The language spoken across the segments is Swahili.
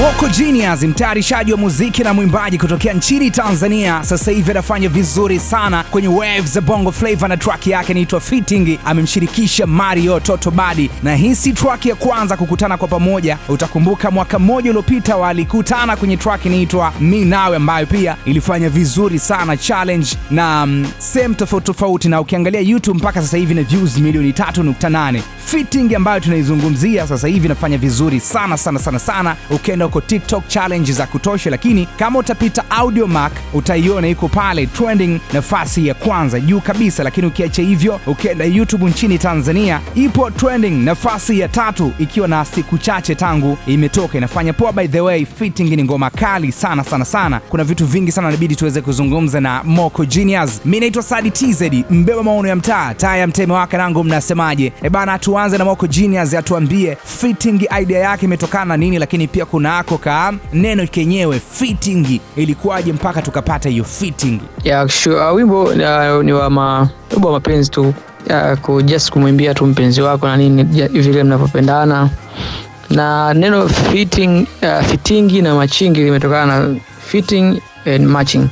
Moko Genius, mtayarishaji wa muziki na mwimbaji kutokea nchini Tanzania, sasa hivi anafanya vizuri sana kwenye waves za Bongo Flava na track yake inaitwa Fitting. Amemshirikisha Mario Toto Badi, na hii si track ya kwanza kukutana kwa pamoja. Utakumbuka mwaka mmoja uliopita walikutana kwenye track inaitwa Mi Nawe, ambayo pia ilifanya vizuri sana challenge na um, same tofauti tofauti, na ukiangalia YouTube mpaka sasa hivi na views milioni 3.8. Fitting ambayo tunaizungumzia sasa hivi inafanya vizuri sana sana sana sana, ukienda kwako TikTok challenge za kutosha, lakini kama utapita audio mac utaiona iko pale trending nafasi ya kwanza juu kabisa. Lakini ukiacha hivyo, ukienda YouTube nchini Tanzania ipo trending nafasi ya tatu, ikiwa na siku chache tangu imetoka, inafanya poa. By the way, fitting ni ngoma kali sana sana sana, kuna vitu vingi sana inabidi tuweze kuzungumza na Moko Genius. Mimi naitwa Sadi TZ, mbeba maono ya mtaa taya mteme wake nangu, mnasemaje? E bana, tuanze na Moko Genius atuambie fitting idea yake imetokana na nini, lakini pia kuna yako ka neno kenyewe fitting ilikuwaje mpaka tukapata hiyo fitting? Yeah, sure. Uh, wimbo uh, ni wa ma, wimbo wa mapenzi tu uh, ku just kumwimbia tu mpenzi wako na nini vile mnavyopendana na neno fitting, uh, ah, fitingi na machingi limetokana na fitting and matching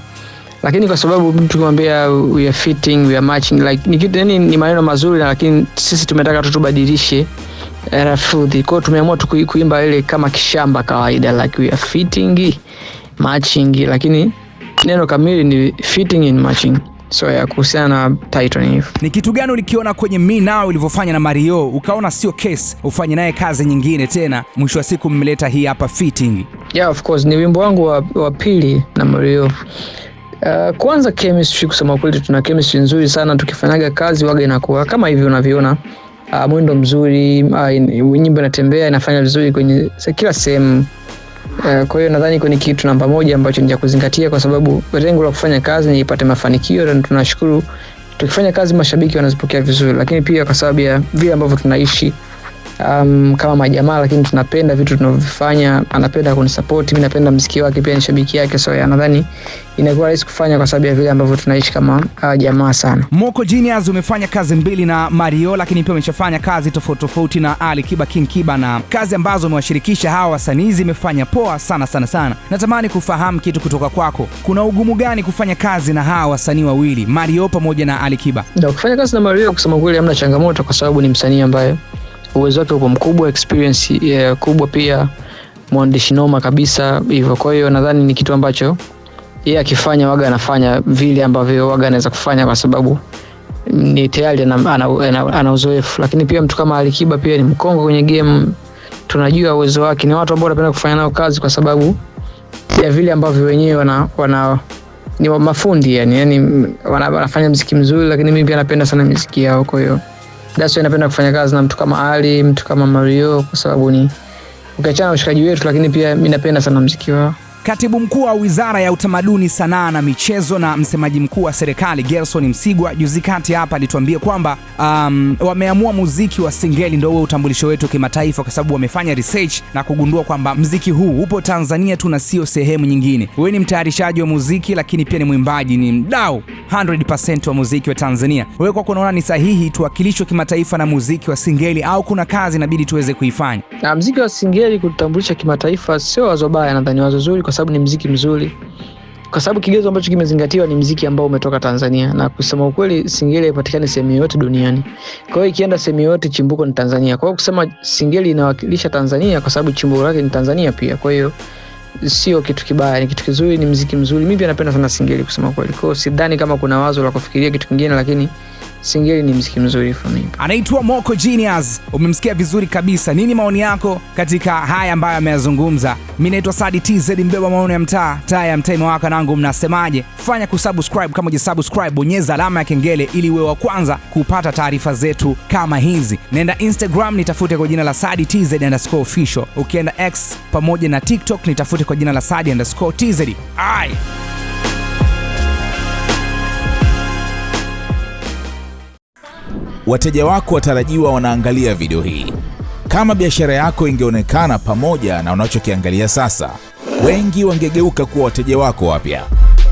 lakini kwa sababu mtu kumwambia we are fitting we are matching like ni, ni, ni maneno mazuri na lakini sisi tumetaka tu tubadilishe Rafudhi. kwao, tumeamua tu kuimba ile kama kishamba kawaida, like we are fitting matching, lakini neno kamili ni fitting and matching. So ya kuhusiana na title ni hivyo. Ni kitu gani ulikiona kwenye Me Now ulivyofanya na Mario ukaona sio case ufanye naye kazi nyingine tena, mwisho wa siku mmeleta hii hapa fitting? Yeah, of course ni wimbo wangu wa, wa pili na Mario. Uh, kwanza chemistry, kusema kweli tuna chemistry nzuri sana, tukifanyaga kazi waga inakuwa kama hivi unavyoona uh, mwendo mzuri uh, nyimbo inatembea inafanya vizuri kwenye kila sehemu uh, kwa hiyo nadhani iko ni kitu namba moja ambacho ni kuzingatia, kwa sababu lengo la kufanya kazi ni ipate mafanikio, na tunashukuru tukifanya kazi mashabiki wanazipokea vizuri, lakini pia kwa sababu ya vile ambavyo tunaishi um, kama majamaa, lakini tunapenda vitu tunavyofanya. Anapenda kunisupport mimi, napenda mziki wake, pia ni shabiki yake, so nadhani inakuwa rahisi kufanya kwa sababu ya vile ambavyo tunaishi kama uh, jamaa sana. Moko Genius, umefanya kazi mbili na Mario, lakini pia umeshafanya kazi tofauti tofauti na Ali Kiba, King Kiba, na kazi ambazo umewashirikisha hawa wasanii zimefanya poa sana sana sana. Natamani kufahamu kitu kutoka kwako, kuna ugumu gani kufanya kazi na hawa wasanii wawili, Mario pamoja na Ali Kiba? Ndio, kufanya kazi na Mario kusema kweli amna changamoto, kwa sababu ni msanii ambaye uwezo wake upo mkubwa, experience eh, kubwa pia, mwandishi noma kabisa hivyo. Kwa hiyo nadhani ni kitu ambacho yeye akifanya waga anafanya vile ambavyo waga anaweza kufanya, kwa sababu ni tayari ana, ana, ana, ana uzoefu. Lakini pia mtu kama Alikiba pia ni mkongo kwenye game, tunajua uwezo wake. Ni watu ambao wanapenda kufanya nao kazi kwa sababu ya vile ambavyo wenyewe wana, wana ni mafundi yani, yani wanafanya mziki mzuri, lakini mimi pia napenda sana miziki yao kwa hiyo that's why napenda kufanya kazi na mtu kama Ali, mtu kama Mario kwa sababu ni ukiachana na ushikaji wetu, lakini pia mimi napenda sana muziki wao. Katibu mkuu wa wizara ya utamaduni, sanaa na michezo na msemaji mkuu wa serikali Gerson Msigwa juzi kati hapa alituambia kwamba um, wameamua muziki wa singeli ndio uwe utambulisho wetu kimataifa, kwa sababu wamefanya research na kugundua kwamba mziki huu upo Tanzania tu na sio sehemu nyingine. Wewe ni mtayarishaji wa muziki, lakini pia ni mwimbaji, ni mdau 100% wa muziki wa Tanzania. Wewe kwako unaona ni sahihi tuwakilishwe kimataifa na muziki wa singeli, au kuna kazi inabidi tuweze kuifanya na muziki wa singeli kutambulisha kimataifa? Sio wazo baya, nadhani wazo zuri kwa sababu ni mziki mzuri, kwa sababu kigezo ambacho kimezingatiwa ni mziki ambao umetoka Tanzania, na kusema ukweli singeli haipatikani sehemu yoyote duniani. Kwa hiyo ikienda sehemu yoyote, chimbuko ni Tanzania. Kwa hiyo kusema singeli inawakilisha Tanzania kwa sababu chimbuko lake ni Tanzania pia. Kwa hiyo sio kitu kibaya, ni kitu kizuri, ni mziki mzuri. Mimi pia napenda sana singeli kusema kweli. Kwa hiyo sidhani kama kuna wazo la kufikiria kitu kingine, lakini Singeli ni mziki mzuri for Anaitwa Moko Genius, umemsikia vizuri kabisa. Nini maoni yako katika haya ambayo ameyazungumza? mi naitwa Sadi TZ, mbeba maono ya mtaa, taa ya mtaa imewaka. Nangu mnasemaje? Fanya kusubscribe, kama hujasubscribe bonyeza alama ya kengele ili uwe wa kwanza kupata taarifa zetu kama hizi. Nenda Instagram nitafute kwa jina la Sadi TZ underscore official, ukienda X pamoja na TikTok nitafute kwa jina la Sadi underscore TZ. Wateja wako watarajiwa wanaangalia video hii. Kama biashara yako ingeonekana pamoja na unachokiangalia sasa, wengi wangegeuka kuwa wateja wako wapya.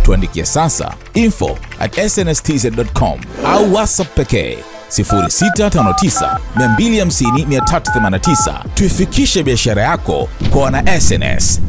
Tuandikie sasa info at snstz.com au whatsapp pekee 0659 250 389 tuifikishe biashara yako kwa wana SNS.